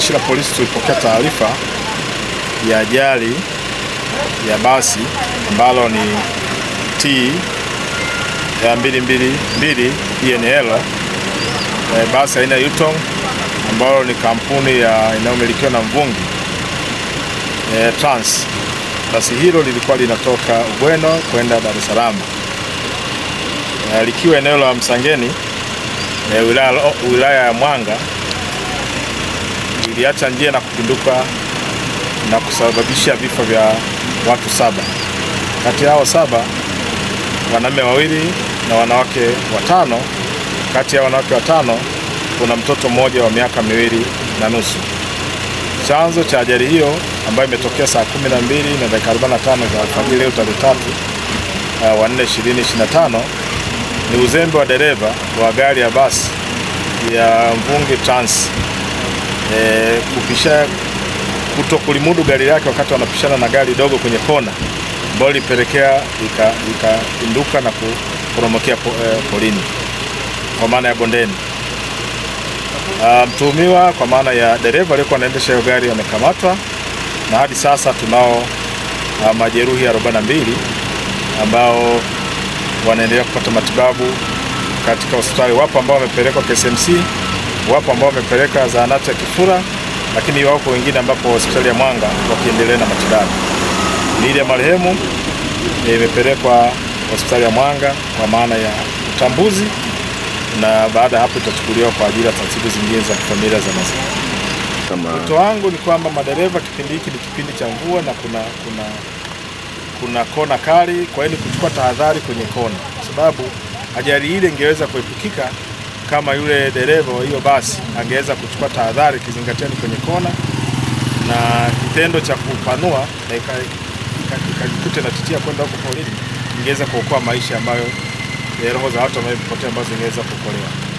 Jeshi la Polisi tulipokea taarifa ya ajali ya basi ambalo ni T ya 222 ENL e, eh, basi aina ya Yutong ambalo ni kampuni ya inayomilikiwa na Mvungi e, Trans. Basi hilo lilikuwa linatoka Ubweno kwenda Dar es Salaam e, likiwa eneo la Msangeni e, wilaya ya Mwanga iliacha njia na kupinduka na kusababisha vifo vya watu saba. Kati yao saba wanaume wawili na wanawake watano. Kati ya wanawake watano kuna mtoto mmoja wa miaka miwili na nusu. Chanzo cha ajali hiyo ambayo imetokea saa 12 na dakika 45 za alfajiri leo tarehe 3 eh, wa 4 ni uzembe wa dereva wa gari ya basi ya Mvungi Trans e, eh, kupisha kuto kulimudu gari lake wakati wanapishana na gari dogo kwenye kona ambayo ilipelekea ikapinduka na kuporomokea po, e, polini kwa maana ya bondeni. Ah, mtuhumiwa kwa maana ya dereva aliyekuwa anaendesha hiyo gari amekamatwa na hadi sasa tunao ah, majeruhi 42 ambao wanaendelea kupata matibabu katika hospitali. Wapo ambao wamepelekwa KCMC wapo ambao wamepeleka zahanati ya Kifura, lakini wako wengine ambapo hospitali ya Mwanga wakiendelea na matibabu. Miili ya marehemu imepelekwa hospitali ya Mwanga kwa maana ya utambuzi, na baada ya hapo itachukuliwa kwa ajili ya taratibu zingine za kifamilia za mazishi. Wito wangu ni kwamba madereva, kipindi hiki ni kipindi cha mvua na kuna, kuna, kuna kona kali, kwa hiyo ni kuchukua tahadhari kwenye kona, kwa sababu ajali ile ingeweza kuepukika kama yule dereva wa hiyo basi angeweza kuchukua tahadhari, kizingatia ni kwenye kona na kitendo cha kupanua na ikajikuta inatetea kwenda huko porini, ingeweza kuokoa maisha ambayo eh, roho za watu ambao zimepotea ambazo zingeweza kuokolewa.